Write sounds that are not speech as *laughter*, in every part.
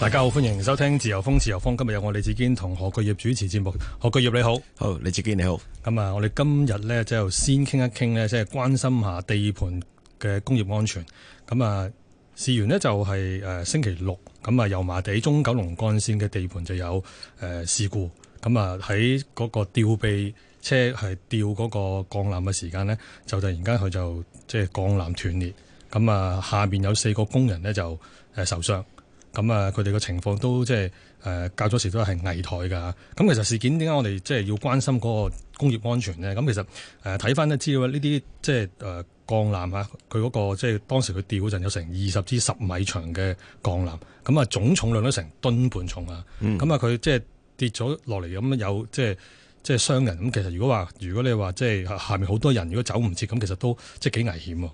大家好，歡迎收聽自由風自由風，今日有我李志堅同何國業主持節目。何國業你好，好，李志堅你好。咁啊，我哋今日咧就先傾一傾咧，即係關心下地盤嘅工業安全。咁啊，事緣呢就係、是、誒、呃、星期六，咁啊油麻地中九龍幹線嘅地盤就有誒、呃、事故。咁啊喺嗰個吊臂車係吊嗰個鋼纜嘅時間咧，就突然間佢就即係鋼纜斷裂。咁啊，下面有四個工人咧就誒、呃、受傷。咁啊，佢哋個情況都即係誒較咗時都係危殆㗎。咁其實事件點解我哋即係要關心嗰個工業安全咧？咁其實睇翻都知道呢啲即係誒鋼纜啊，佢嗰個即係當時佢吊嗰陣有成二十至十米長嘅鋼纜，咁啊總重量都成噸半重啊。咁啊佢即係跌咗落嚟咁樣有即係即係傷人。咁其實如果話如果你話即係下面好多人如果走唔切咁，其實都即係幾危險喎。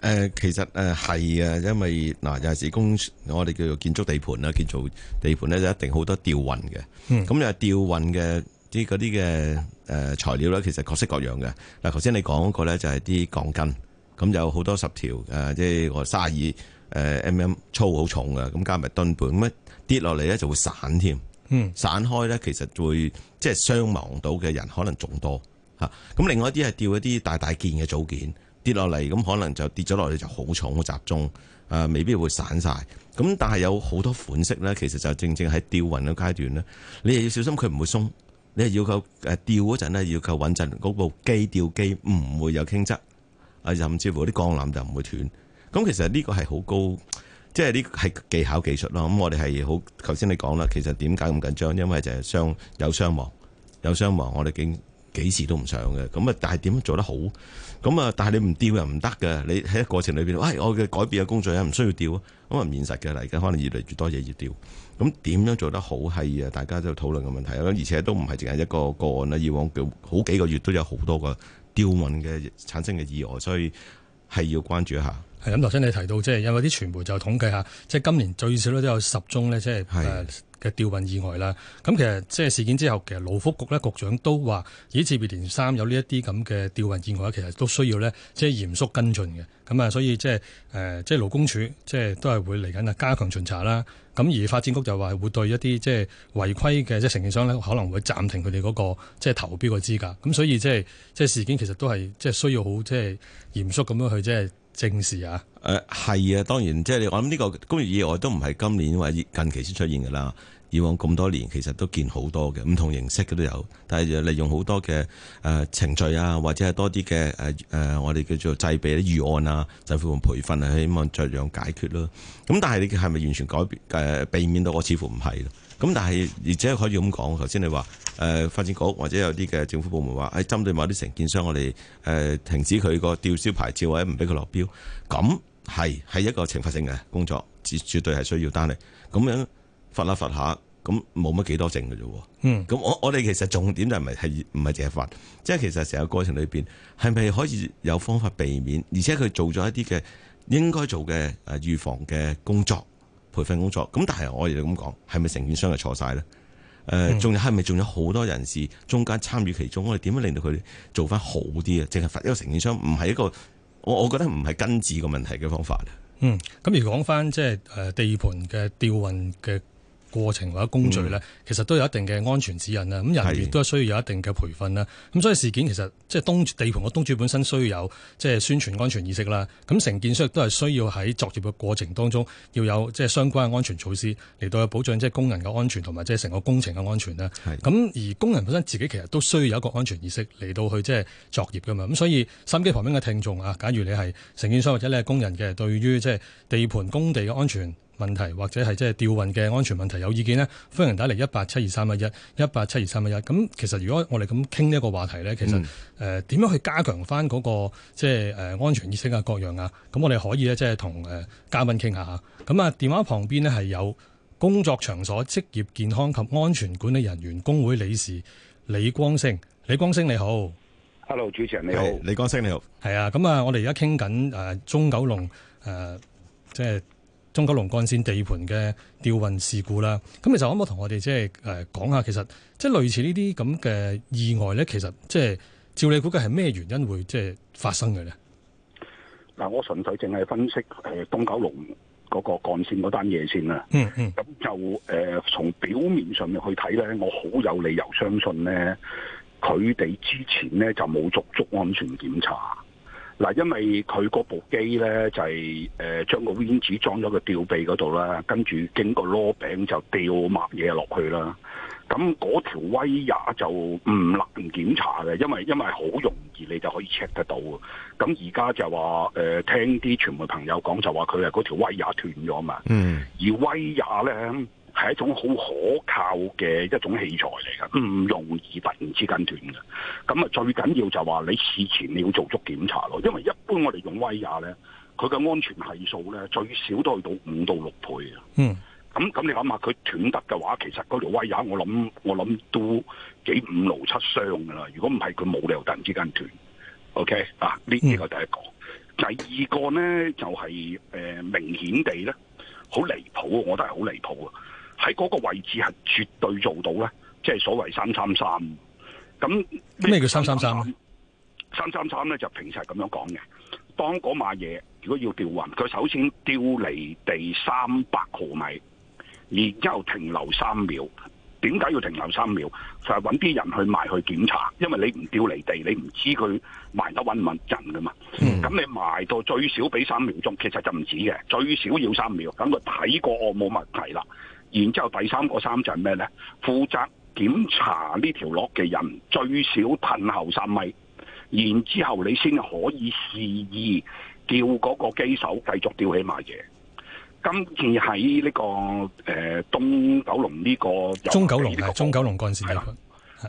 誒其實誒係啊，因為嗱有陣時工，我哋叫做建築地盤啦，建造地盤咧就一定好多吊運嘅。咁、嗯、又吊運嘅啲嗰啲嘅材料咧，其實各色各樣嘅。嗱頭先你講嗰個咧就係啲鋼筋，咁有好多十條誒，即係我卅二 mm 粗好重嘅，咁加埋墩盤咁跌落嚟咧就會散添，散開咧其實會即係傷亡到嘅人可能仲多嚇。咁另外一啲係吊一啲大大件嘅組件。跌落嚟咁可能就跌咗落去就好重好集中，啊，未必會散晒。咁但係有好多款式咧，其實就正正喺吊運嘅階段咧，你又要小心佢唔會鬆，你又要夠誒吊嗰陣咧要夠穩陣，嗰部機吊機唔會有傾側，啊，甚至乎啲鋼纜就唔會斷。咁其實呢個係好高，即係呢個係技巧技術咯。咁我哋係好，頭先你講啦，其實點解咁緊張？因為就係傷有傷亡，有傷亡我哋經。幾時都唔上嘅，咁啊，但係點樣做得好？咁啊，但係你唔吊又唔得㗎。你喺過程裏邊，喂，我嘅改變嘅工序，唔需要吊，咁啊，唔現實嘅，嚟緊可能越嚟越多嘢要吊，咁點樣做得好係啊？大家都討論嘅問題咯，而且都唔係淨係一個個案啦，以往好幾個月都有好多個吊運嘅產生嘅意外，所以係要關注一下。係咁，頭先你提到即係因為啲傳媒就統計下，即係今年最少咧都有十宗咧，即係嘅吊運意外啦。咁其實即係事件之後，其實勞福局咧局長都話，以次別連三有呢一啲咁嘅吊運意外，其實都需要咧即係嚴肅跟進嘅。咁啊，所以即係誒，即係勞工處即係都係會嚟緊啊，加強巡查啦。咁而發展局就話會對一啲即係違規嘅即係承建商咧，可能會暫停佢哋嗰個即係投標嘅資格。咁所以即係即係事件其實都係即係需要好即係嚴肅咁樣去即係。正事啊！誒係啊，當然即係我諗呢個工業意外都唔係今年或者近期先出現嘅啦。以往咁多年其實都見好多嘅唔同形式嘅都有，但係就利用好多嘅誒、呃、程序啊，或者係多啲嘅誒誒，我哋叫做製備啲預案啊、政府同培訓啊，希望著樣解決咯。咁但係你係咪完全改變誒、呃、避免到？我似乎唔係咯。咁但係而且可以咁講，頭先你話。誒、呃、發展局或者有啲嘅政府部門話，誒針對某啲承建商，我哋、呃、停止佢個吊銷牌照或者唔俾佢落標，咁係係一個懲罰性嘅工作，絕絕對係需要單力。咁樣罰下罰下，咁冇乜幾多證嘅啫喎。咁我我哋其實重點係係就係唔係凈係罰？即係其實成個過程裏面，係咪可以有方法避免？而且佢做咗一啲嘅應該做嘅誒預防嘅工作、培訓工作。咁但係我哋咁講，係咪承建商係錯晒咧？誒、嗯，仲有係咪仲有好多人士中間參與其中？我哋點樣令到佢做翻好啲啊？淨係罰一個承建商，唔係一個我我覺得唔係根治個問題嘅方法。嗯，咁而講翻即係誒地盤嘅調運嘅。過程或者工序咧，其實都有一定嘅安全指引咁、嗯、人亦都需要有一定嘅培訓啦。咁所以事件其實即係地盤嘅東主本身需要有即係宣傳安全意識啦。咁承建商亦都係需要喺作業嘅過程當中要有即係相關嘅安全措施嚟到保障即係工人嘅安全同埋即係成個工程嘅安全啦。咁而工人本身自己其實都需要有一個安全意識嚟到去即係作業噶嘛。咁所以收音機旁邊嘅聽眾啊，假如你係承建商或者你係工人嘅，對於即係地盤工地嘅安全問題或者係即係吊運嘅安全問題有意見呢？歡迎打嚟一八七二三一一一八七二三一一。咁其實如果我哋咁傾呢一個話題咧，其實誒點、嗯呃、樣去加強翻、那、嗰個即係誒安全意識啊、各樣啊，咁我哋可以咧即係同誒嘉賓傾下嚇。咁啊，電話旁邊呢，係有工作場所職業健康及安全管理人員工會理事李光昇。李光昇，你好，Hello，主持人你好，李，李光昇，你好，係啊。咁啊，我哋而家傾緊誒中九龍誒即係。呃就是中九龍幹線地盤嘅吊運事故啦，咁其實可唔可以同我哋即係誒講下，其實即係類似呢啲咁嘅意外咧，其實即係照你估計係咩原因會即係發生嘅咧？嗱，我純粹淨係分析誒東九龍嗰個幹線嗰單嘢先啦。嗯嗯，咁就誒從表面上面去睇咧，我好有理由相信咧，佢哋之前咧就冇做足安全檢查。嗱，因為佢嗰部機咧就係、是、誒、呃、將個 Windows 裝咗個吊臂嗰度啦，跟住經過攞柄就吊埋嘢落去啦。咁嗰條威也就唔難檢查嘅，因為因為好容易你就可以 check 得到。咁而家就話誒、呃、聽啲傳媒朋友講就話佢係嗰條威也斷咗嘛。嗯。而威也咧。係一種好可靠嘅一種器材嚟噶，唔容易突然之間斷嘅。咁啊，最緊要就話你事前你要做足檢查咯，因為一般我哋用威亞咧，佢嘅安全係數咧最少都去到五到六倍啊。嗯。咁咁，你諗下，佢斷得嘅話，其實嗰條威亞，我諗我諗都幾五勞七傷噶啦。如果唔係，佢冇理由突然之間斷。OK 啊，呢、這、呢個第一個，第二個咧就係、是、誒、呃、明顯地咧，好離譜，我覺得係好離譜啊。喺嗰個位置係絕對做到咧，即係所謂三三三。咁咩叫三三三？三三三咧就平時係咁樣講嘅。當嗰碼嘢如果要吊運，佢首先吊離地三百毫米，然之後停留三秒。點解要停留三秒？就係揾啲人去埋去檢查，因為你唔吊離地，你唔知佢埋得穩唔穩陣噶嘛。咁、嗯、你埋到最少俾三秒鐘，其實就唔止嘅，最少要三秒。等佢睇過我冇問題啦。然之後第三個三就係咩呢？負責檢查呢條落嘅人最少褪後三米，然之後你先可以示意叫嗰個機手繼續吊起賣嘢。今次喺呢、這個誒、呃、東九龍呢個、這個、中九龍，中九龍幹線地盤，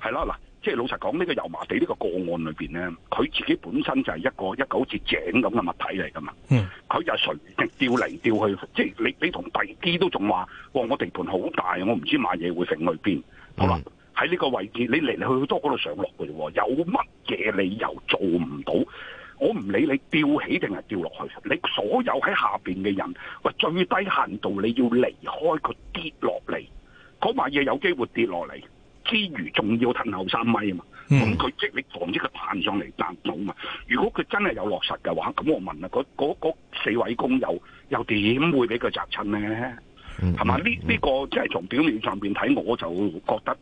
係啦。即係老實講，呢、這個油麻地呢個個案裏邊呢，佢自己本身就係一個一嚿好似井咁嘅物體嚟噶嘛。佢、嗯、就隨掉嚟掉去，即係你你同地基都仲話，我我地盤好大，我唔知買嘢會揈去邊、嗯。好啦，喺呢個位置，你嚟嚟去去都嗰度上落嘅，有乜嘢理由做唔到？我唔理你吊起定係吊落去，你所有喺下邊嘅人，喂，最低限度你要離開佢跌落嚟，嗰埋嘢有機會跌落嚟。之餘仲要褪後三米啊嘛，咁、嗯、佢、嗯、即你防止佢彈上嚟彈到嘛。如果佢真係有落實嘅話，咁我問啦、啊，嗰嗰嗰四位工友又點會俾佢砸親咧？係、嗯、嘛？呢呢、嗯呢個即係從表面上面睇，我就覺得。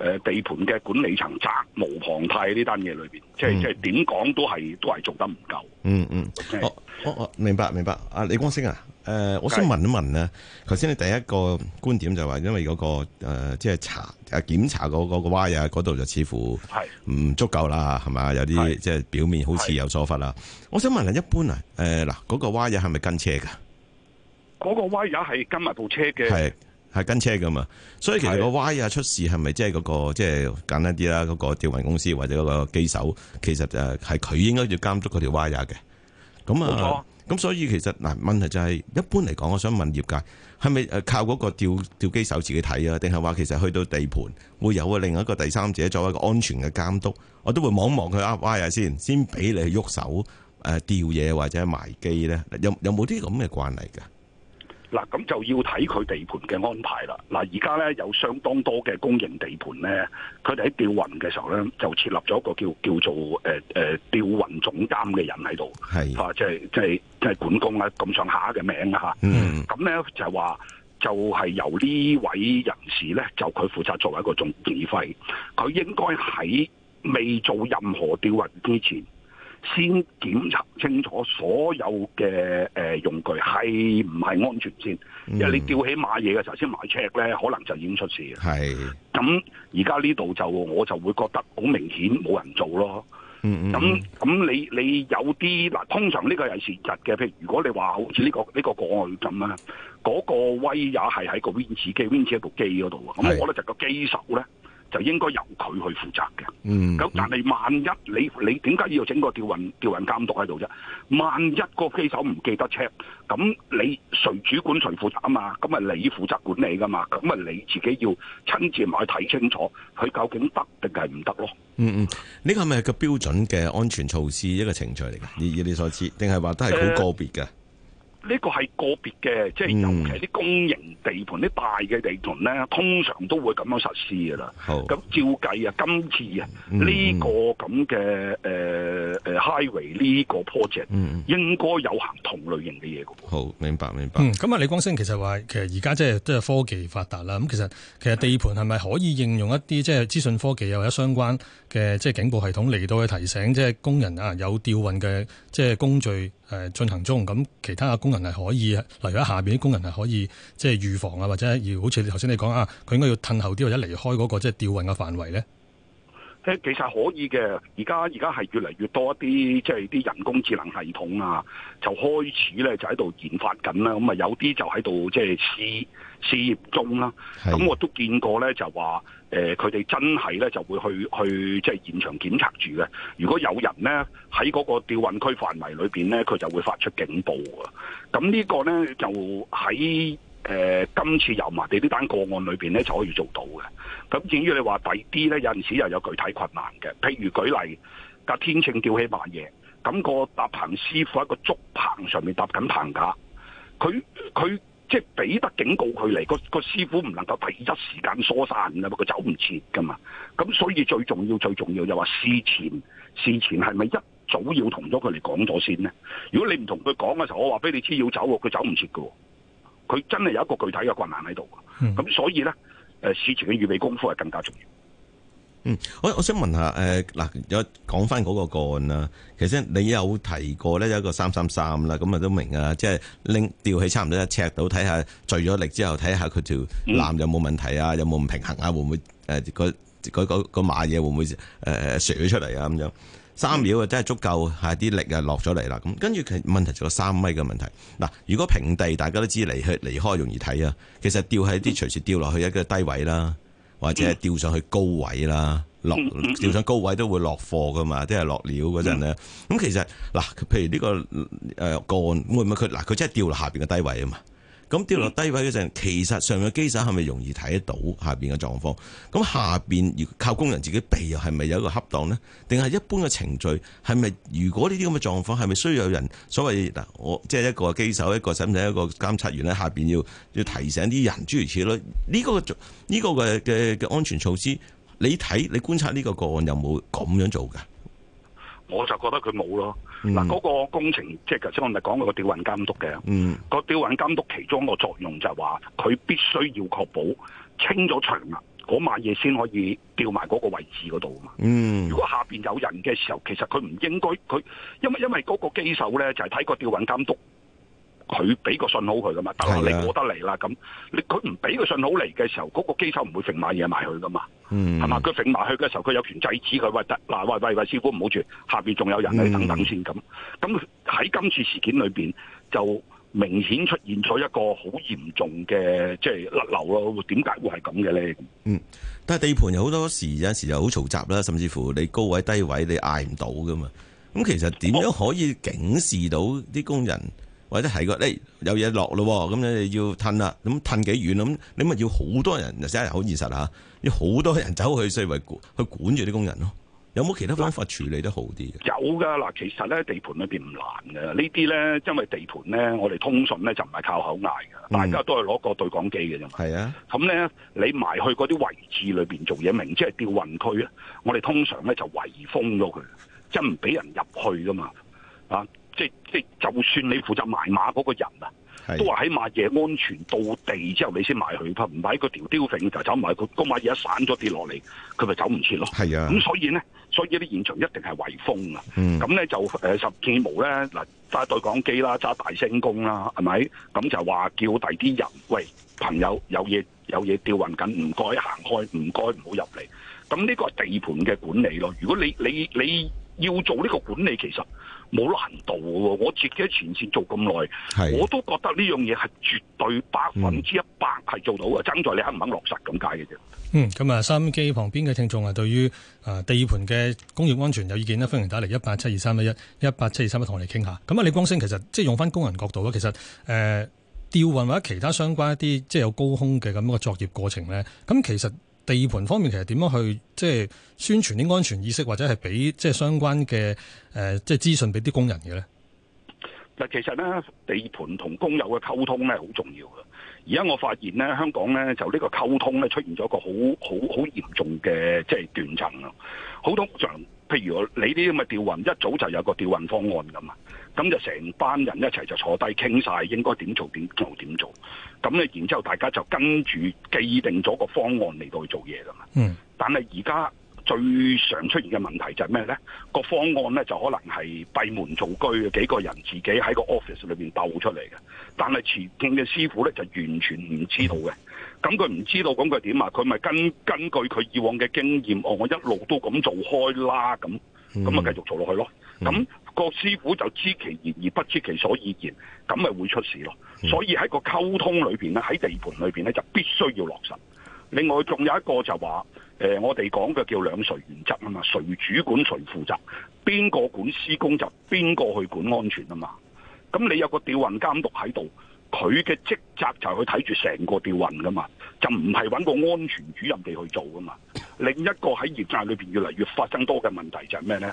誒，地盤嘅管理層責無旁貸，呢單嘢裏邊，即係即係點講都係都係做得唔夠。嗯嗯、哦哦。明白明白。阿李光昇啊、呃，我想問一問咧，頭先你第一個觀點就係話，因為嗰、嗰個即、呃就係、查誒檢查嗰個 Y 啊嗰度就似乎係唔足夠啦，係咪？有啲即係表面好似有疏忽啦。我想問下，一般啊，誒、呃、嗱，嗰、嗰個 Y 啊係咪跟車㗎？嗰、嗰個 Y 啊係跟埋部車嘅。係跟車噶嘛，所以其實個 Y 出事係咪即係嗰個即係簡單啲啦，嗰、嗰個吊運公司或者嗰個機手，其實誒係佢應該要監督嗰條 Y 嘅。咁啊，咁、啊、所以其實嗱問題就係一般嚟講，我想問業界係咪靠嗰個吊吊機手自己睇啊？定係話其實去到地盤會有個另一個第三者作為一個安全嘅監督，我都會望一望佢啊 Y 啊先，先俾你喐手誒吊嘢或者埋機咧？有有冇啲咁嘅慣例㗎？嗱，咁就要睇佢地盤嘅安排啦。嗱，而家咧有相當多嘅公營地盤咧，佢哋喺吊運嘅時候咧，就設立咗一個叫叫做誒誒吊運總監嘅人喺度，係啊，即係即係即係管工啊咁上下嘅名啊嚇。嗯，咁咧就係話就係、是、由呢位人士咧，就佢負責作為一個總指揮，佢應該喺未做任何吊運之前，先檢查清楚所有嘅誒、呃、用具係唔係安全先、嗯，因為你吊起買嘢嘅時候先買 check 咧，可能就已經出事咁，而家呢度就我就會覺得好明顯冇人做咯。咁、嗯、咁，你你有啲嗱，通常呢個係事實嘅，譬如如果你話好似呢、呢個呢、呢個個案咁啊，嗰個威也係喺個 winch 機 winch 一部機嗰度，咁，我呢就個機手咧。就應該由佢去負責嘅。咁、嗯嗯、但係萬一你你點解要整個調運調運監督喺度啫？萬一個機手唔記得 check，咁你誰主管誰負責啊嘛？咁啊你負責管理噶嘛？咁啊你自己要親自埋去睇清楚，佢究竟得定係唔得咯？嗯嗯，呢個係咪個標準嘅安全措施一個程序嚟嘅？以以你所知，定係話都係好個別嘅？呃呢個係個別嘅，即係尤其啲公營地盤、啲、嗯、大嘅地盤咧，通常都會咁樣實施噶啦。咁照計啊，今次啊，呢個咁嘅誒誒 Highway 呢個 project、嗯、應該有行同類型嘅嘢。好，明白，明白。咁、嗯、啊，李光昇其實話，其實而家即係都係科技發達啦。咁其實其實地盤係咪可以應用一啲即係資訊科技又或者相關嘅即係警報系統嚟到去提醒，即係工人啊有吊運嘅即係工序。誒進行中，咁其他嘅工人係可以，例如喺下邊啲工人係可以，即係預防啊，或者要好似頭先你講啊，佢應該要褪後啲或者離開嗰、那個即係、就是、吊運嘅範圍咧。誒，其實可以嘅，而家而家係越嚟越多一啲即係啲人工智能系統啊，就開始咧就喺度研發緊啦。咁啊，有啲就喺度即係試試業中啦、啊。咁我都見過咧，就話。誒佢哋真係咧就會去去即係現場檢查住嘅。如果有人咧喺嗰個吊運區範圍裏邊咧，佢就會發出警報啊。咁呢個咧就喺誒、呃、今次油麻地呢單個案裏邊咧就可以做到嘅。咁至於你話第啲咧有陣時又有具體困難嘅，譬如舉例架天秤吊起萬嘢，咁、個搭棚師傅喺個竹棚上面搭緊棚架，佢佢。佢即係俾得警告佢嚟，個個師傅唔能夠第一時間疏散㗎嘛，佢走唔切㗎嘛。咁所以最重要最重要就話事前，事前係咪一早要同咗佢嚟講咗先咧？如果你唔同佢講嘅時候，我話俾你知要走喎，佢走唔切㗎。佢真係有一個具體嘅困難喺度。咁所以咧，誒事前嘅預備功夫係更加重要。嗯，我我想問一下，誒、呃，嗱，有講翻嗰個個案啦。其實你有提過咧，有一個三三三啦，咁啊都明啊。即係拎吊起差唔多一尺度，睇下聚咗力之後，睇下佢條纜有冇問題啊，有冇唔平衡啊，會唔會誒，個嗰個馬嘢會唔會誒甩咗出嚟啊？咁樣三秒啊，真係足夠，係啲力啊落咗嚟啦。咁跟住其問題就個三米嘅問題。嗱、呃，如果平地，大家都知嚟去離開容易睇啊。其實吊喺啲隨時掉落去一個低位啦。或者係吊上去高位啦，落吊上高位都會落貨㗎嘛，即係落料嗰陣呢。咁、嗯、其實嗱，譬如呢、呢個誒個案、呃，會唔會佢嗱佢真係吊落下邊嘅低位啊嘛？咁跌落低位嘅陣，其實上嘅機手係咪容易睇得到下面嘅狀況？咁下面靠工人自己避，係咪有一個恰當呢？定係一般嘅程序係咪？如果呢啲咁嘅狀況係咪需要有人所謂嗱，我即係、就是、一個機手，一個使唔使一個監察員咧？下面要要提醒啲人諸如此類，呢個呢個嘅嘅嘅安全措施，你睇你觀察呢個個案有冇咁樣做㗎？我就覺得佢冇咯，嗱、嗯、嗰、那個工程即係頭先我咪講個吊運監督嘅，嗯嗰個吊運監督其中一個作用就係話，佢必須要確保清咗場啦，嗰晚嘢先可以吊埋嗰個位置嗰度啊嘛。如果下面有人嘅時候，其實佢唔應該佢，因為因為嗰個機手咧就係、是、睇個吊運監督。佢俾個信號佢噶嘛，但係你過得嚟啦，咁，你佢唔俾個信號嚟嘅時候，嗰、那個機手唔會揈埋嘢埋去噶嘛，係、嗯、嘛？佢揈埋去嘅時候，佢有權制止佢。喂，嗱，喂喂喂，師傅唔好住，下邊仲有人啊，嗯、你等等先咁。咁喺今次事件裏邊，就明顯出現咗一個好嚴重嘅即係甩漏咯。點解會係咁嘅咧？嗯，但係地盤有好多時有時又好嘈雜啦，甚至乎你高位低位你嗌唔到噶嘛。咁其實點樣可以警示到啲工人？或者係個，誒、欸、有嘢落咯，咁、嗯、你、嗯嗯嗯嗯嗯嗯嗯、要褪啦，咁褪幾遠咁，你咪要好多人，就真係好現實嚇、啊，要好多人走去，所以為去管住啲工人咯、啊。有冇其他方法處理得好啲嘅？有噶嗱，其實咧地盤裏面唔難㗎。呢啲咧因為地盤咧，我哋通訊咧就唔係靠口嗌㗎。大家都係攞個對講機嘅啫係啊，咁、嗯、咧你埋去嗰啲位置裏面做嘢，明知係吊運區啊，我哋通常咧就圍封咗佢，即係唔俾人入去噶嘛，啊。即即就算你負責埋馬嗰個人啊，都話喺馬嘢安全到地之後你買，你先埋去佢，唔買個條吊繩就走埋個個馬嘢散咗跌落嚟，佢咪走唔切咯？係啊，咁所以咧，所以呢啲現場一定係圍封啊。咁、嗯、咧就誒、呃、十幾冇咧嗱揸對講機啦，揸大聲公啦，係咪？咁就話叫第二啲人喂朋友、嗯、有嘢有嘢吊運緊，唔該行開，唔該唔好入嚟。咁呢個係地盤嘅管理咯。如果你你你要做呢個管理，其實。冇難度喎，我自己喺前線做咁耐，我都覺得呢樣嘢係絕對百分之一百係做到嘅、嗯，爭在你肯唔肯落實咁解嘅啫。嗯，咁啊，收音機旁邊嘅聽眾啊，對於啊、呃、地盤嘅工業安全有意見咧，歡迎打嚟一八七二三一一一八七二三一同我哋傾下。咁啊，李光昇其實即係用翻工人角度咧，其實誒吊、呃、運或者其他相關一啲即係有高空嘅咁嘅作業過程咧，咁其實。地盤方面，其實點樣去即係宣傳啲安全意識，或者係俾即係相關嘅誒，即係資訊俾啲工人嘅咧？嗱，其實咧地盤同工友嘅溝通咧好重要噶。而家我發現咧，香港咧就呢個溝通咧出現咗一個好好好嚴重嘅即係斷層啊！好通常譬如你啲咁嘅調運，一早就有一個調運方案㗎嘛。咁就成班人一齊就坐低傾晒應該點做點做點做，咁咧然之後大家就跟住既定咗個方案嚟到去做嘢噶嘛。嗯。但係而家最常出現嘅問題就係咩咧？個方案咧就可能係閉門造車嘅幾個人自己喺個 office 裏面鬥出嚟嘅。但係前邊嘅師傅咧就完全唔知道嘅。咁佢唔知道，咁佢點啊？佢咪根根據佢以往嘅經驗，我我一路都咁做開啦咁。咁、嗯、啊，繼續做落去咯。咁郭、那個、師傅就知其然而不知其所以然，咁咪會出事咯。所以喺個溝通裏邊咧，喺地盤裏邊咧就必須要落實。另外仲有一個就話，誒、呃，我哋講嘅叫兩誰原則啊嘛，誰主管誰負責，邊個管施工就邊個去管安全啊嘛。咁你有個吊運監督喺度，佢嘅職責就係去睇住成個吊運噶嘛，就唔係搵個安全主任地去做噶嘛。另一個喺業界裏邊越嚟越發生多嘅問題就係咩呢？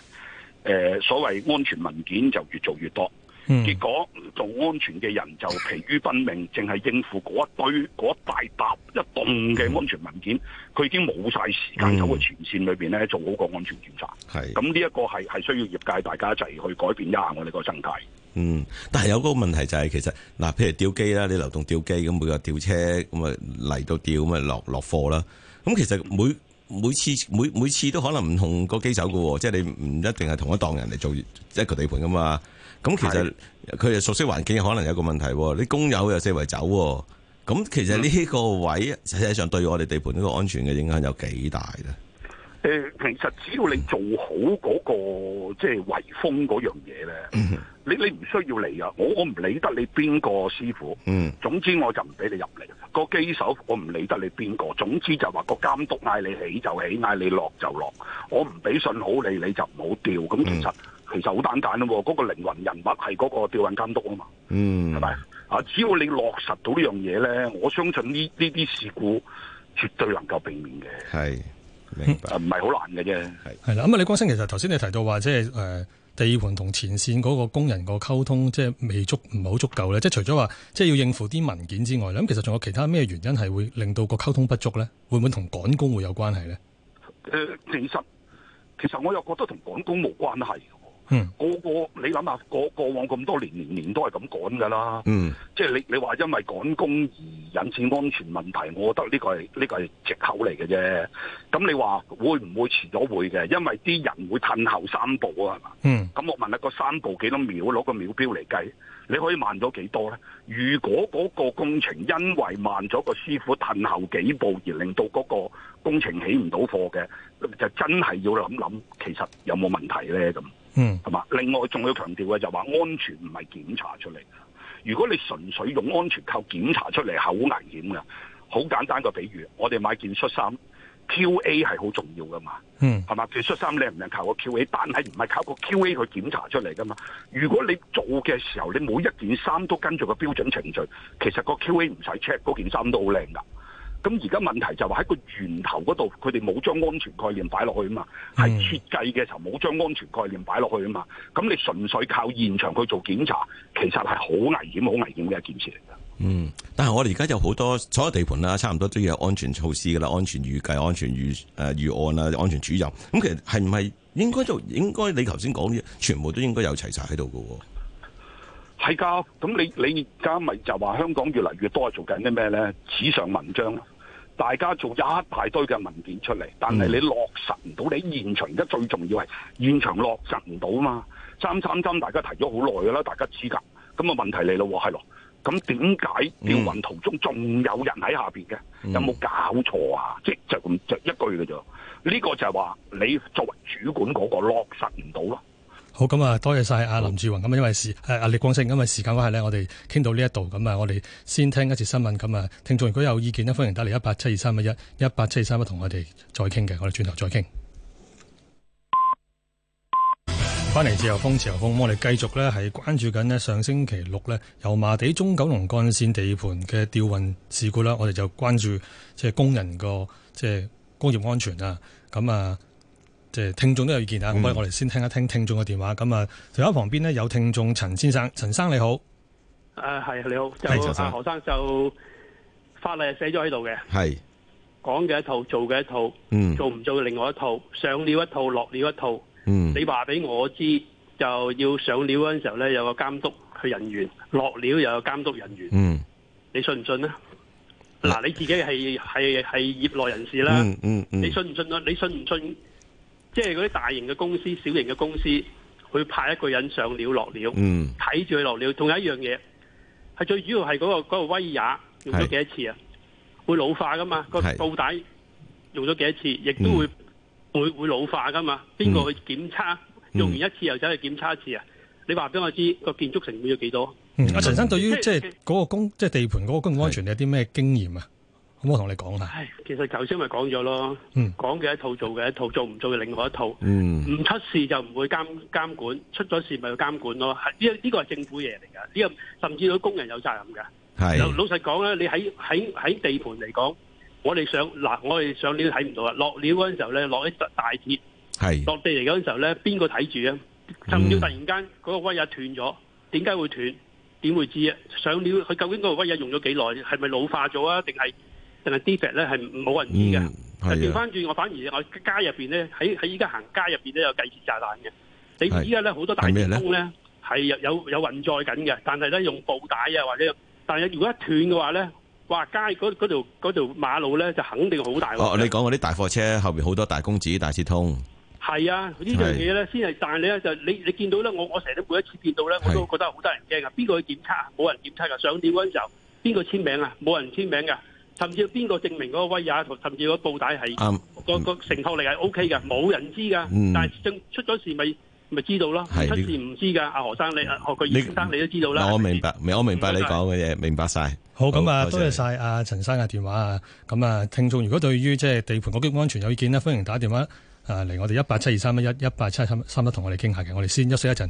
誒、呃，所謂安全文件就越做越多，嗯、結果做安全嘅人就疲於奔命，淨係應付嗰一堆，嗰一大沓一棟嘅安全文件，佢、嗯、已經冇晒時間喺個前線裏邊咧做好個安全檢查。係咁，呢一個係係需要業界大家一齊去改變一下我哋個生態。嗯，但係有嗰個問題就係、是、其實嗱，譬如吊機啦，你流動吊機咁每個吊車咁啊嚟到吊咁啊落落貨啦，咁其實每、嗯每次每每次都可能唔同個機手噶，即係你唔一定係同一檔人嚟做一個地盤噶嘛。咁其實佢哋熟悉環境，可能有一個問題喔，你工友又四圍走喔，咁其實呢個位實際上對我哋地盤呢個安全嘅影響有幾大咧？誒，其實只要你做好嗰個即係圍封嗰樣嘢咧，你你唔需要嚟啊，我我唔理得你邊個師傅，總之我就唔俾你入嚟。個機手我唔理得你邊個，總之就話個監督嗌你起就起，嗌你落就落，我唔俾信號你，你就唔好吊。咁其實、嗯、其實好簡單喎。嗰個靈魂人物係嗰個吊運監督啊嘛，係咪啊？只要你落實到呢樣嘢咧，我相信呢呢啲事故絕對能夠避免嘅。係。唔係好難嘅啫，係係啦。咁啊，李光昇，其實頭先你提到話，即係誒地盤同前線嗰個工人個溝通，即係未足，唔係好足夠咧。即係除咗話，即係要應付啲文件之外，咁其實仲有其他咩原因係會令到個溝通不足咧？會唔會同趕工會有關係咧？誒、呃，其實其實我又覺得同趕工冇關係。嗯、個個你諗下，過過往咁多年年年都係咁趕噶啦，嗯，即係你你話因為趕工而引致安全問題，我覺得呢個係呢、呢個係借口嚟嘅啫。咁你話會唔會遲咗會嘅？因為啲人會褪後三步啊，係嘛，嗯、咁、啊嗯、我問下個三步幾多秒？攞個秒錶嚟計，你可以慢咗幾多咧？如果嗰個工程因為慢咗個師傅褪後幾步而令到嗰個工程起唔到貨嘅，就真係要諗諗，其實有冇問題咧？咁。嗯，係 *noise* 嘛？另外仲要強調嘅就係話安全唔係檢查出嚟嘅。如果你純粹用安全靠檢查出嚟，係好危險㗎。好簡單個比喻，我哋買件恤衫，Q A 係好重要噶嘛是吧。嗯，係 *noise* 嘛？件恤衫靚唔靚靠個 Q A，但係唔係靠個 Q A 去檢查出嚟噶嘛。如果你做嘅時候，你每一件衫都跟住個標準程序，其實個 Q A 唔使 check 嗰件衫都好靚噶。咁而家問題就係喺個源頭嗰度，佢哋冇將安全概念擺落去啊嘛，係設計嘅時候冇將安全概念擺落去啊嘛。咁你純粹靠現場去做檢查，其實係好危險、好危險嘅一件事嚟噶。嗯，但係我哋而家有好多所有地盤啦，差唔多都要有安全措施噶啦，安全預計、安全預、呃、預案啦、安全主任。咁、嗯、其實係唔係應該就應該你頭先講嘅，全部都應該有齊晒喺度噶喎。係噶，咁你你而家咪就話香港越嚟越多做緊啲咩咧？紙上文章咯，大家做一大堆嘅文件出嚟，但係你落實唔到，你現場。而家最重要係現場落實唔到啊嘛。三三針，大家提咗好耐噶啦，大家知噶。咁、那個、啊，問題嚟咯，係咯。咁點解吊運途中仲有人喺下邊嘅？有冇搞錯啊？即係就就是、一句嘅啫。呢、這個就係話你作為主管嗰個落實唔到咯。好咁啊，多謝晒阿林志宏。咁啊，因為時阿、啊、李光昇咁啊，時間關係咧，我哋傾到呢一度。咁啊，我哋先聽一次新聞。咁啊，聽眾如果有意見呢，歡迎打嚟一八七二三一一一八七二三一，同我哋再傾嘅。我哋轉頭再傾。翻嚟自由風，自由風，我哋繼續咧係關注緊呢上星期六咧油麻地中九龍幹線地盤嘅吊運事故啦。我哋就關注即係工人個即係工業安全啊。咁啊～即係聽眾都有意見啊，咁不如我哋先聽一聽聽眾嘅電話。咁、嗯、啊，仲話旁邊呢？有聽眾陳先生，陳生你好。誒、啊，係你好。係陳生。何生就法例寫咗喺度嘅，係講嘅一套，做嘅一套，嗯、做唔做另外一套？上料一套，落料一套，嗯、你話俾我知，就要上料嗰陣時候咧有個監督嘅人員，落料又有監督人員，嗯，你信唔信咧？嗱、啊，你自己係係係業內人士啦，嗯，你信唔信啊、嗯嗯？你信唔信？即係嗰啲大型嘅公司、小型嘅公司，去派一個人上料落料，睇住佢落料。仲有一樣嘢，係最主要係嗰、嗰個、嗰個威也用咗幾多次啊？會老化噶嘛？嗰個吊帶用咗幾多次，亦都會、嗯、會會老化噶嘛？邊個去檢測、嗯、用完一次又走去檢測一次啊？你話俾我知、嗰個建築成本有幾多？阿、嗯、陳、啊、生對於即係嗰、嗰個公即係地盤嗰個公共安全是有啲咩經驗啊？咁我同你講啦。係，其實頭先咪講咗咯。嗯，講嘅一套做嘅一套，做唔做嘅另外一套。嗯，唔出事就唔會監監管，出咗事咪要監管咯。呢呢個係政府嘢嚟噶，呢個甚至到工人有責任噶。係。老實講咧，你喺喺喺地盤嚟講，我哋上嗱我哋上料睇唔到啦，落料嗰陣時候咧落一大鐵，係，落地嚟嗰陣時候咧邊個睇住啊？甚至突然間嗰個威也斷咗，點解會斷？點會知啊？上料佢究竟嗰個威也用咗幾耐？係咪老化咗啊？定係？但係啲嘢咧係冇人知嘅。嗱、嗯，調翻轉，我反而我街入邊咧，喺喺依家行街入邊咧有計時炸彈嘅。你依家咧好多大鐵通咧係有有有運載緊嘅，但係咧用布帶啊或者，但係如果一斷嘅話咧，哇！街嗰嗰條，條馬路咧就肯定好大、啊。你講嗰啲大貨車後面好多大公子大鐵通。係啊，呢樣嘢咧先係，但係你咧就你你見到咧，我我成日都每一次見到咧，我都覺得好得人驚啊！邊個去檢測啊？冇人檢測噶。上線嗰陣時候，邊個簽名啊？冇人簽名噶。甚至邊個證明嗰個威亞同甚至個布帶係、um, 個承托力係 O K 嘅，冇人知噶、嗯。但係正出咗事咪咪知道咯。出事唔知噶。阿、這個、何生，你何國賢先生你都知道啦。我明白，我明白你講嘅嘢，明白晒。好，咁啊，多謝晒阿陳生嘅電話啊。咁啊，聽眾如果對於即係地盤嗰啲安全有意見咧，歡迎打電話啊嚟我哋一八七二三一一八七三三一同我哋傾下嘅。我哋先休息一陣，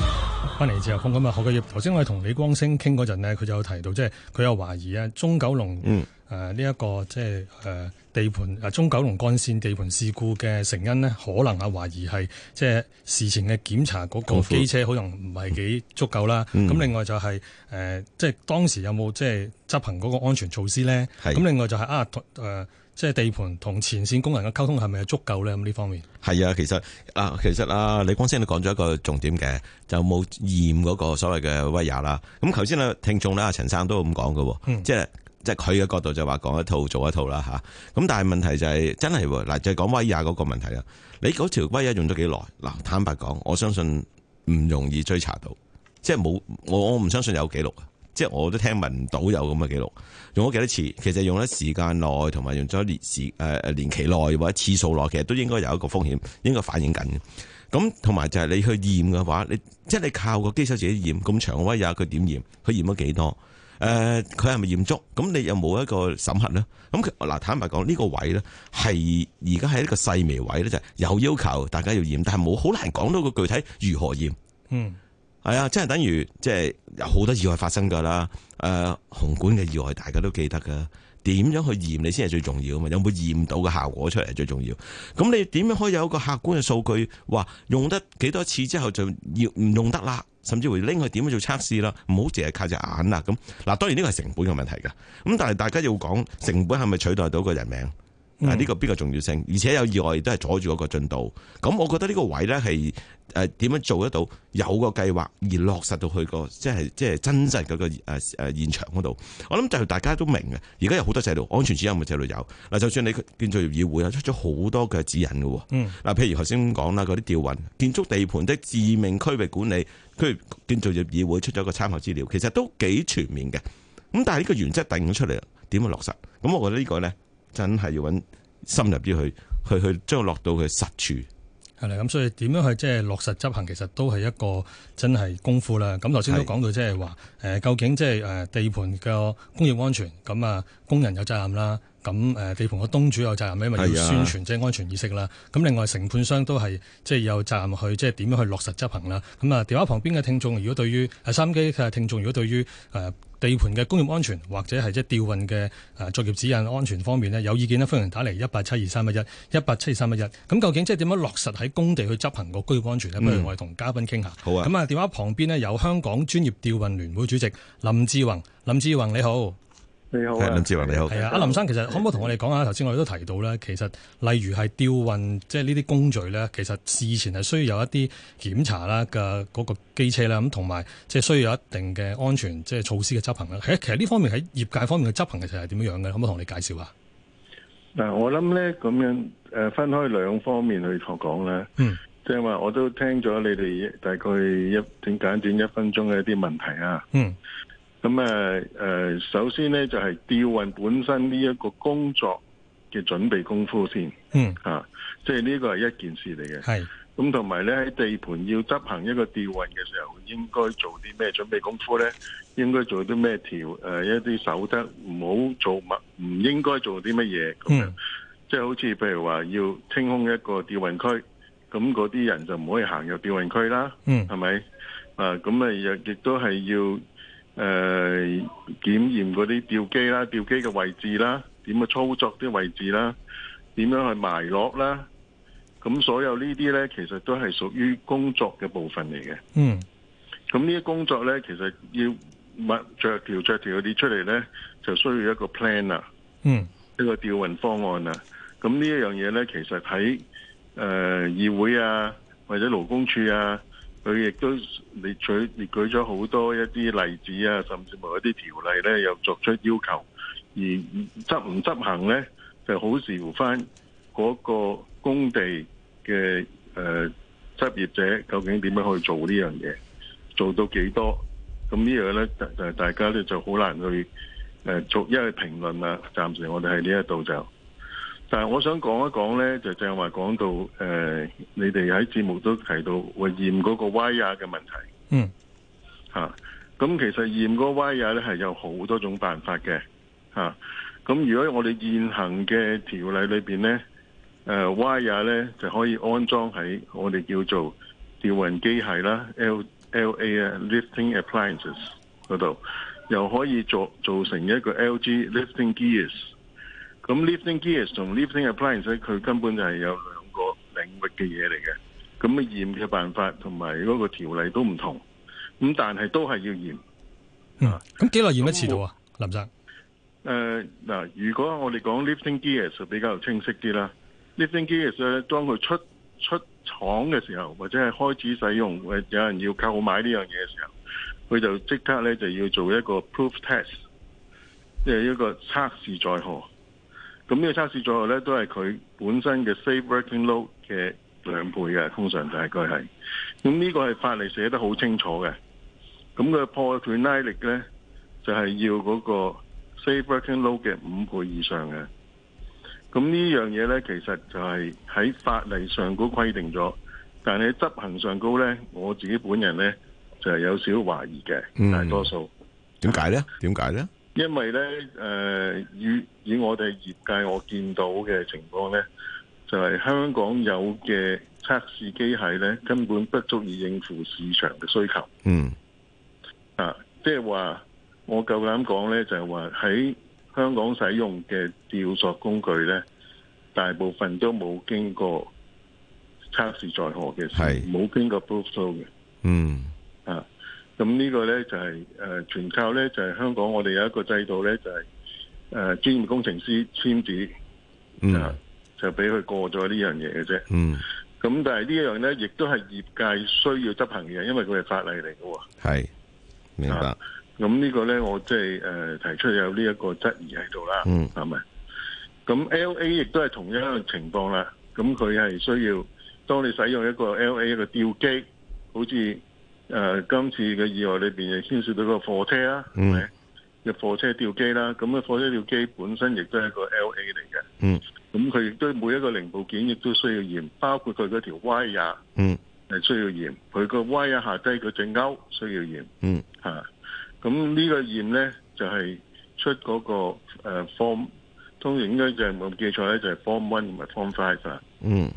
翻嚟之後咁啊，何國賢頭先我哋同李光昇傾嗰陣咧，佢就有提到，即係佢有懷疑啊，中九龍。嗯誒呢一個即係誒地盤誒中九龍幹線地盤事故嘅成因呢，可能啊懷疑係即係事前嘅檢查嗰個機車可能唔係幾足夠啦。咁、嗯啊、另外就係、是呃、即係當時有冇即係執行嗰個安全措施咧？咁、啊、另外就係、是、啊、呃、即係地盤同前線工人嘅溝通係咪足夠咧？咁呢方面係啊，其實啊，其實啊，李光昇你講咗一個重點嘅，就冇驗嗰個所謂嘅威亞啦。咁頭先咧，聽眾咧，阿陳生都咁講嘅喎，即係。即係佢嘅角度就話講一套做一套啦吓，咁但係問題就係、是、真係嗱，就講、是、威亞嗰個問題啦。你嗰條威亞用咗幾耐？嗱，坦白講，我相信唔容易追查到，即係冇我我唔相信有記錄，即係我都聽聞唔到有咁嘅記錄。用咗幾多次？其實用咗時間內，同埋用咗年時誒誒，年期內或者次數內，其實都應該有一個風險，應該反映緊。咁同埋就係你去驗嘅話，你即係你靠個機手自己驗，咁長威亞佢點驗？佢驗咗幾多？誒、呃，佢係咪驗足？咁你有冇一個審核咧？咁嗱，坦白講，呢、這個位咧係而家係一個細微位咧，就係、是、有要求大家要驗，但係冇好難講到個具體如何驗。嗯，係啊，真係等於即係有好多意外發生噶啦。誒、呃，紅館嘅意外大家都記得噶，點樣去驗你先係最重要啊嘛？有冇驗到嘅效果出嚟最重要？咁你點樣可以有一個客觀嘅數據？話用得幾多次之後就要唔用得啦？甚至會拎佢點樣做測試啦，唔好淨係靠隻眼啦咁。嗱，當然呢個係成本嘅問題㗎。咁但係大家要講成本係咪取代到個人命？嗱，呢個邊個重要性？而且有意外亦都係阻住嗰個進度。咁我覺得呢個位咧係誒點樣做得到？有個計劃而落實到去個即係即係真實嗰個誒誒現場嗰度。我諗就係大家都明嘅。而家有好多制度，安全主任嘅制度有嗱。就算你建造業議會啊出咗好多嘅指引嘅喎。嗱，譬如頭先講啦，嗰啲吊運、建築地盤的致命區域管理，佢建造業議會出咗個參考資料，其實都幾全面嘅。咁但係呢個原則定咗出嚟點樣落實？咁我覺得呢個咧。真係要搵深入啲去，去去將落到去實處。係啦，咁所以點樣去即係、就是、落實執行，其實都係一個真係功夫啦。咁頭先都講到即係話，誒、呃、究竟即係誒地盤嘅工業安全，咁、嗯、啊工人有責任啦，咁、嗯、誒、呃、地盤嘅東主有責任，因為要宣傳即係安全意識啦。咁另外承判商都係即係有責任去即係點樣去落實執行啦。咁、嗯、啊，電話旁邊嘅聽眾，如果對於、啊、三機嘅聽眾，如果對於誒。呃地盤嘅工業安全，或者係即係吊運嘅誒作業指引安全方面呢，有意見呢，歡迎打嚟一八七二三一一，一八七二三一一。咁究竟即係點樣落實喺工地去執行個工業安全呢？不如我哋同嘉賓傾下、嗯。好啊。咁啊，電話旁邊呢，有香港專業吊運聯會主席林志宏。林志宏你好。你好、啊，林志宏，你好。係啊，阿林生，其實可唔可以同我哋講下？頭先我哋都提到咧，其實例如係吊運，即係呢啲工序咧，其實事前係需要有一啲檢查啦嘅，個機車啦，咁同埋即係需要有一定嘅安全，即係措施嘅執行啦。係、啊，其實呢方面喺業界方面嘅執行其實係點樣樣嘅？可唔可以同你介紹啊？嗱，我諗咧咁樣，誒，分開兩方面去講咧。嗯。即係話，我都聽咗你哋大概一點短短一分鐘嘅一啲問題啊。嗯。咁誒誒，首先咧就係、是、吊運本身呢一個工作嘅準備功夫先，嗯啊，即係呢個係一件事嚟嘅，係。咁同埋咧喺地盤要執行一個吊運嘅時候，應該做啲咩準備功夫咧？應該做啲咩調誒？一啲守則，唔好做乜，唔應該做啲乜嘢咁樣。即、嗯、係、就是、好似譬如話要清空一個吊運區，咁嗰啲人就唔可以行入吊運區啦，嗯，係咪？啊，咁啊亦亦都係要。誒、呃，檢驗嗰啲吊機啦，吊機嘅位置啦，點樣操作啲位置啦，點樣去埋落啦，咁所有呢啲咧，其實都係屬於工作嘅部分嚟嘅。嗯，咁呢啲工作咧，其實要物着條着條嗰啲出嚟咧，就需要一個 plan 啦。嗯，一個吊運方案啦。咁呢一樣嘢咧，其實喺誒、呃、議會啊，或者勞工處啊。佢亦都列舉列舉咗好多一啲例子啊，甚至乎一啲條例咧又作出要求，而執唔執行咧就好視乎返嗰個工地嘅誒執業者究竟點樣去做呢樣嘢，做到幾多？咁呢樣咧，就大家咧就好難去誒做，因為評論啦，暫時我哋喺呢一度就。但係我想講一講咧，就正話講到誒、呃，你哋喺節目都提到話驗嗰個 Wire 嘅問題。嗯。咁、啊、其實驗嗰個 Wire 咧係有好多種辦法嘅。咁、啊、如果我哋現行嘅條例裏邊呃，wire 呢，咧，i r e 咧就可以安裝喺我哋叫做吊運機械啦，L L A 啊，lifting appliances 嗰度，又可以做，做成一個 L G lifting gears。咁 lifting gears 同 lifting appliance 佢根本就係有兩個領域嘅嘢嚟嘅。咁驗嘅辦法同埋嗰個條例都唔同。咁但係都係要驗。嗯，咁幾耐驗一次到啊？林生。誒、呃，嗱、呃，如果我哋講 lifting gears 比較清晰啲啦，lifting gears 咧，當佢出出廠嘅時候，或者係開始使用，或者有人要購買呢樣嘢嘅時候，佢就即刻咧就要做一個 proof test，即係一個測試載荷？咁呢個測試咗後咧，都係佢本身嘅 safe working load 嘅兩倍嘅，通常大概係。咁呢個係法例寫得好清楚嘅。咁佢破斷拉力咧，就係、是、要嗰個 safe working load 嘅五倍以上嘅。咁呢樣嘢咧，其實就係喺法例上高規定咗，但係執行上高咧，我自己本人咧就係、是、有少少懷疑嘅，但、嗯、係多數點解咧？點解咧？因為咧，誒、呃、以以我哋業界我見到嘅情況咧，就係、是、香港有嘅測試機械咧，根本不足以應付市場嘅需求。嗯。啊，即係話我夠膽講咧，就係話喺香港使用嘅吊索工具咧，大部分都冇經過測試在何嘅事，冇經過 proof 測嘅。嗯。咁呢個咧就係、是、誒、呃，全靠咧就係、是、香港，我哋有一個制度咧就係、是、誒，專、呃、業工程師簽字，嗯，啊、就俾佢過咗呢樣嘢嘅啫。嗯，咁但係呢樣咧，亦都係業界需要執行嘅，因為佢係法例嚟嘅。係明白。咁、啊、呢個咧，我即係誒，提出有呢一個質疑喺度啦。嗯，係咪？咁 L A 亦都係同樣一個情況啦。咁佢係需要，當你使用一個 L A 一個吊機，好似。誒、呃，今次嘅意外裏邊亦牽涉到個貨車、嗯、貨車啦，係咪？嘅貨車吊機啦，咁啊貨車吊機本身亦都係一個 L A 嚟嘅，咁佢亦都每一個零部件亦都需要驗，包括佢嗰條 wire，係需要驗。佢個 wire 下低佢隻鈎需要驗，吓、嗯。咁、啊、呢個驗咧就係出嗰個誒 form，當然應該就係、是、冇記錯咧就係、是、form one 同埋 form five 啦，吓、嗯。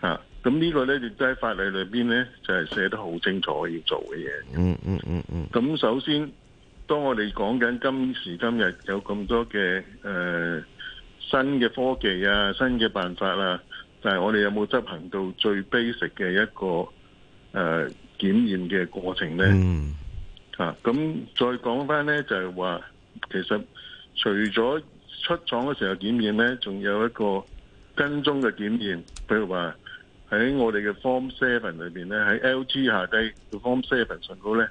啊咁、這、呢個亦就喺法例裏邊呢，就係、是就是、寫得好清楚要做嘅嘢。嗯嗯嗯嗯。咁、嗯、首先，當我哋講緊今時今日有咁多嘅誒、呃、新嘅科技啊、新嘅辦法啦、啊，但、就、係、是、我哋有冇執行到最 basic 嘅一個誒、呃、檢驗嘅過程呢？嗯。咁、啊、再講翻呢，就係、是、話，其實除咗出廠嘅時候檢驗呢，仲有一個跟蹤嘅檢驗，譬如話。喺我哋嘅 Form Seven 裏邊咧，喺 LG 下低個 Form Seven 上高咧，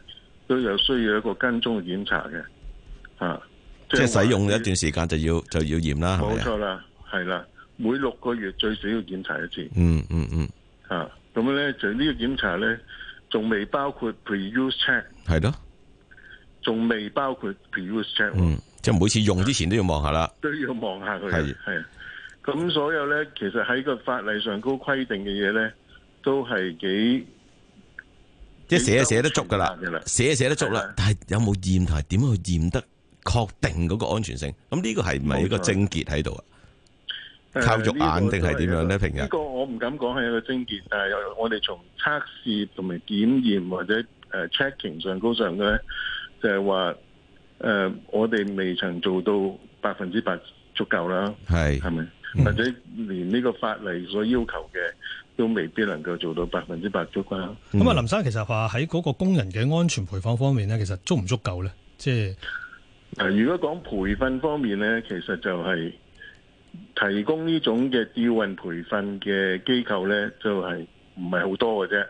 都有需要一個跟蹤嘅檢查嘅，即係使用了一段時間就要就要驗啦，冇錯啦，係啦，每六個月最少要檢查一次。嗯嗯嗯，吓、嗯，咁呢咧，就呢個檢查咧，仲未包括 Pre-Use Check，係咯，仲未包括 Pre-Use Check。嗯，即係每次用之前都要望下啦，都要望下佢。係係。是咁所有咧，其實喺個法例上高規定嘅嘢咧，都係幾即係寫一寫得足噶啦，寫一寫得足啦。但係有冇驗同係點樣去驗得確定嗰個安全性？咁呢個係唔係一個症結喺度啊？靠肉眼定係點樣咧？平日呢個我唔敢講係一個症結，但係我哋從測試同埋檢驗或者誒 checking 上高上嘅，就係話誒我哋未曾做到百分之百足夠啦。係係咪？或者連呢個法例所要求嘅，都未必能夠做到百分之百足啦。咁啊，嗯，林生其實話喺嗰個工人嘅安全培訓方面咧，其實足唔足夠咧？即係嗱，如果講培訓方面咧，其實就係提供這種的調運的，呢種嘅吊運培訓嘅機構咧，就係唔係好多嘅啫。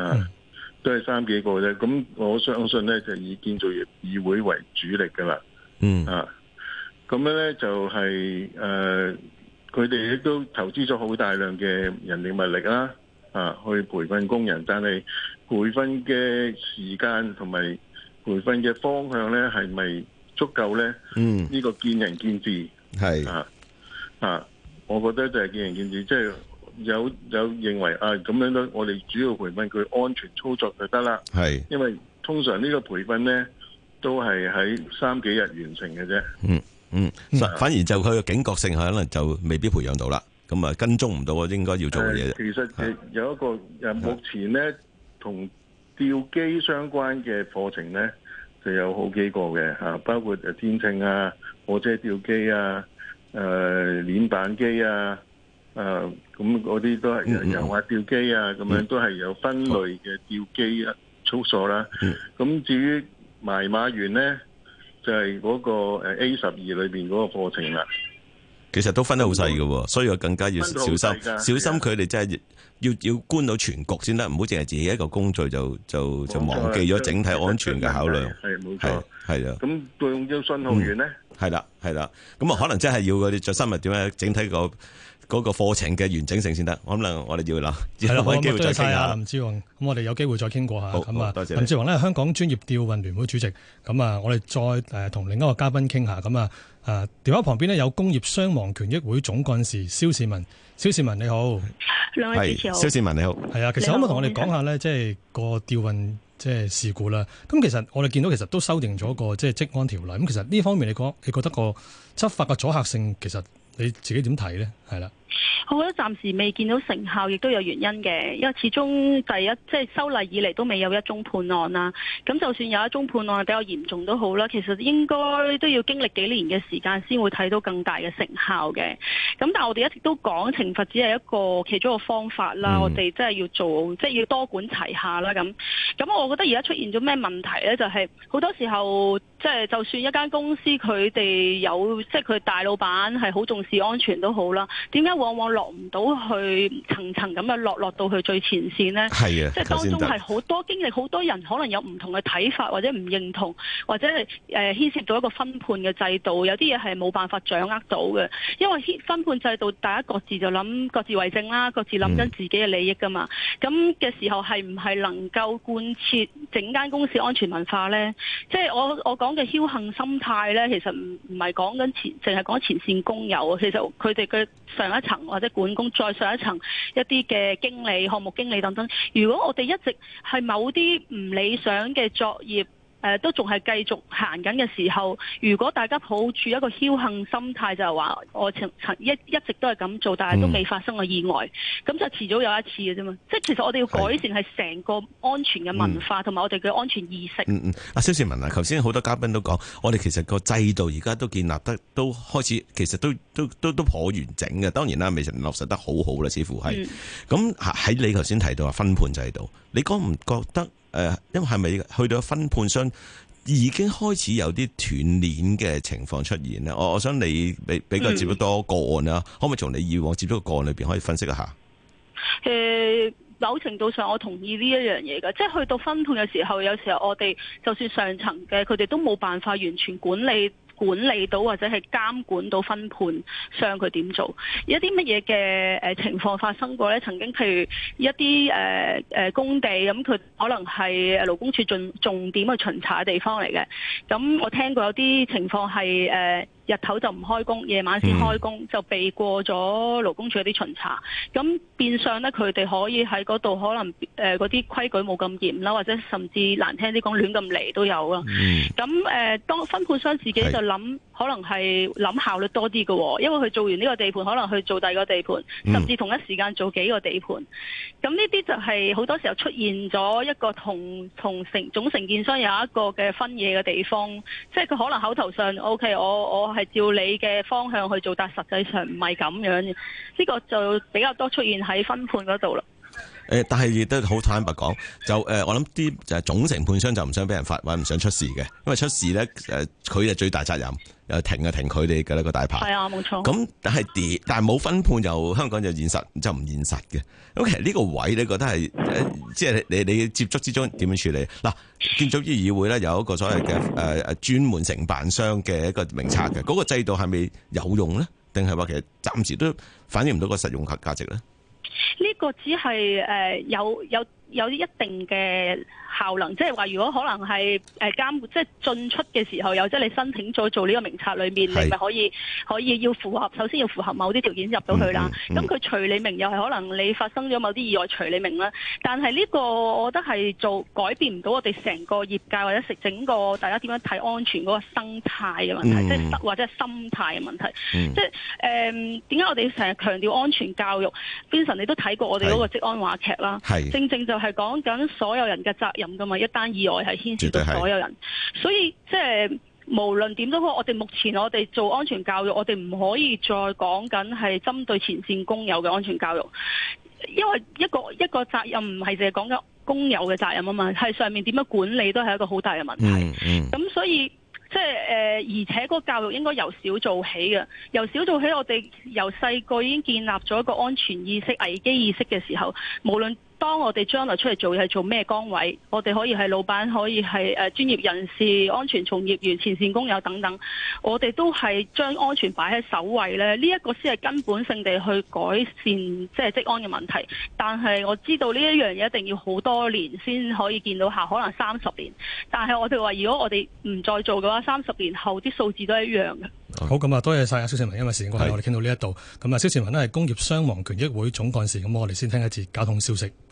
啊，嗯，都係三幾個啫。咁我相信咧，就以建造業議會為主力噶啦。嗯啊。咁樣咧就係、是、誒，佢哋亦都投資咗好大量嘅人力物力啦，啊，去培訓工人，但係培訓嘅時間同埋培訓嘅方向咧，係咪足夠咧？嗯，呢、這個見仁見智。係啊啊，我覺得就係見仁見智，即、就、係、是、有有認為啊，咁樣都，我哋主要培訓佢安全操作就得啦。係，因為通常呢個培訓咧都係喺三幾日完成嘅啫。嗯。嗯，反反而就佢嘅警覺性係可能就未必培養到啦，咁啊跟蹤唔到啊應該要做嘅嘢。其實係有一個誒，目前咧同吊機相關嘅課程咧就有好幾個嘅吓，包括誒天秤啊、火車吊機啊、誒鏈板機啊、誒咁嗰啲都係油壓吊機啊，咁樣都係有分類嘅吊機操作啦。咁至於埋碼員咧？就係、是、嗰個誒 A 十二裏邊嗰個課程啦、啊，其實都分得好細嘅，所以我更加要小心，小心佢哋真係要要觀到全局先得，唔好淨係自己一個工序就就就忘記咗整體安全嘅考量。係冇錯，係、就、啊、是。咁、就是就是就是、對住信號員咧，係啦係啦，咁啊可能真係要佢哋再深入點咧，整體個。嗰、那個課程嘅完整性先得，我諗，我哋要諗，係啦。我、嗯、哋再謝下林志宏，咁我哋有機會再傾過下。咁啊，林志宏咧，香港專業吊運聯會主席。咁啊，我哋再誒同、呃、另一個嘉賓傾下。咁啊，誒電話旁邊咧有工業傷亡權益會總幹事蕭倩文。蕭倩文你好，兩位主持好。蕭倩文你好，係啊，其實可唔可以同我哋講下呢？即係個吊運即係事故啦。咁其實我哋見到其實都修訂咗個即係職安條例。咁其實呢方面嚟講，你覺得個執法嘅阻嚇性，其實你自己點睇呢？係啦，我覺得暫時未見到成效，亦都有原因嘅，因為始終第一即係修例以嚟都未有一宗判案啦。咁就算有一宗判案比較嚴重都好啦，其實應該都要經歷幾年嘅時間先會睇到更大嘅成效嘅。咁但係我哋一直都講懲罰只係一個其中一個方法啦，嗯、我哋真係要做即係、即係、要多管齊下啦。咁咁，我覺得而家出現咗咩問題呢？就係、係、好多時候即係、即係、就算一間公司佢哋有即係佢大老闆係好重視安全都好啦。點解往往落唔到去層層咁樣落落到去最前線呢？係啊，即係當中係好多經歷，好多人可能有唔同嘅睇法，或者唔認同，或者係誒、呃、牽涉到一個分判嘅制度，有啲嘢係冇辦法掌握到嘅。因為分判制度，大家各自就諗各自為政啦，各自諗緊自己嘅利益㗎嘛。咁、嗯、嘅時候係唔係能夠貫徹整間公司安全文化呢？即係我我講嘅僥倖心態呢，其實唔唔係講緊前，淨係講前線工友，其實佢哋嘅。上一層，或者管工，再上一層，一啲嘅經理、項目經理等等。如果我哋一直係某啲唔理想嘅作業。誒，都仲係繼續行緊嘅時候，如果大家抱住一個僥倖心態，就係、是、話我曾曾一一直都係咁做，但係都未發生過意外，咁、嗯、就遲早有一次嘅啫嘛。即係其實我哋要改善係成個安全嘅文化，同埋、嗯、我哋嘅安全意識。嗯嗯，阿蕭倩文啊，頭先好多嘉賓都講，我哋其實個制度而家都建立得都開始，其實都都都都頗完整嘅。當然啦，未曾落實得好好、啊、啦，似乎係。咁喺、嗯、你頭先提到話分判制度，你覺唔覺得？誒，因為係咪去到分判商已經開始有啲斷鏈嘅情況出現咧？我我想你比比較接多個案啦、嗯，可唔可以從你以往接觸個案裏邊可以分析一下？誒，某程度上我同意呢一樣嘢㗎，即係去到分判嘅時候，有時候我哋就算上層嘅，佢哋都冇辦法完全管理。管理到或者係監管到分判商，佢點做？有啲乜嘢嘅誒情況發生過呢？曾經譬如一啲誒誒工地咁，佢、嗯、可能係勞工處重重點去巡查嘅地方嚟嘅。咁、嗯、我聽過有啲情況係誒。呃日頭就唔開工，夜晚先開工、嗯，就避過咗勞工處嗰啲巡查。咁變相咧，佢哋可以喺嗰度可能誒嗰啲規矩冇咁嚴啦，或者甚至難聽啲講亂咁嚟都有啦。咁、嗯、誒、呃，當分判商自己就諗，可能係諗效率多啲嘅、哦，因為佢做完呢個地盤，可能去做第二個地盤，甚至同一時間做幾個地盤。咁呢啲就係好多時候出現咗一個同同成總承建商有一個嘅分野嘅地方，即係佢可能口頭上 OK，我我係係照你嘅方向去做，但實際上唔係咁樣，呢個就比較多出現喺分判嗰度啦。誒，但係亦都好坦白講，就誒，我諗啲就係總承判商就唔想俾人罰，或者唔想出事嘅，因為出事咧，誒，佢係最大責任，又停就停佢哋嘅呢個大牌。係啊，冇錯。咁但係跌，但係冇分判，就香港就現實就唔現實嘅。咁其實呢個位你覺得係，即係你你接觸之中點樣處理？嗱，建築業議會咧有一個所謂嘅誒專門承辦商嘅一個名冊嘅，嗰個制度係咪有用咧？定係話其實暫時都反映唔到個實用價價值咧？呢個只係誒，有有。有啲一定嘅效能，即係話如果可能係誒監即係進出嘅時候有，即係你申請再做呢個名冊裏面，你咪可以可以要符合，首先要符合某啲條件入到去啦。咁佢除你名又係可能你發生咗某啲意外除你名啦。但係呢個我覺得係做改變唔到我哋成個業界或者食整個大家點樣睇安全嗰個生態嘅問題，即、嗯、係或者係心態嘅問題，嗯、即係誒點解我哋成日強調安全教育 Vincent 你都睇過我哋嗰個職安話劇啦，正正就是。係講緊所有人嘅責任噶嘛，一單意外係牽涉到所有人，是所以即係、就是、無論點都好，我哋目前我哋做安全教育，我哋唔可以再講緊係針對前線工友嘅安全教育，因為一個一個責任唔係淨係講緊工友嘅責任啊嘛，係上面點樣管理都係一個好大嘅問題。咁、嗯嗯、所以即係誒，而且嗰個教育應該由小做起嘅，由小做起，我哋由細個已經建立咗一個安全意識、危機意識嘅時候，無論。當我哋將來出嚟做嘢，係做咩崗位？我哋可以係老闆，可以係誒專業人士、安全從業員、前線工友等等。我哋都係將安全擺喺首位咧。呢、這、一個先係根本性地去改善即係職安嘅問題。但係我知道呢一樣嘢一定要好多年先可以見到效，可能三十年。但係我哋話，如果我哋唔再做嘅話，三十年後啲數字都係一樣嘅。好，咁啊，多謝晒啊，蕭倩文，因為時間關係，我哋傾到呢一度。咁啊，蕭倩文呢係工業傷亡權益會總幹事。咁我哋先聽一次交通消息。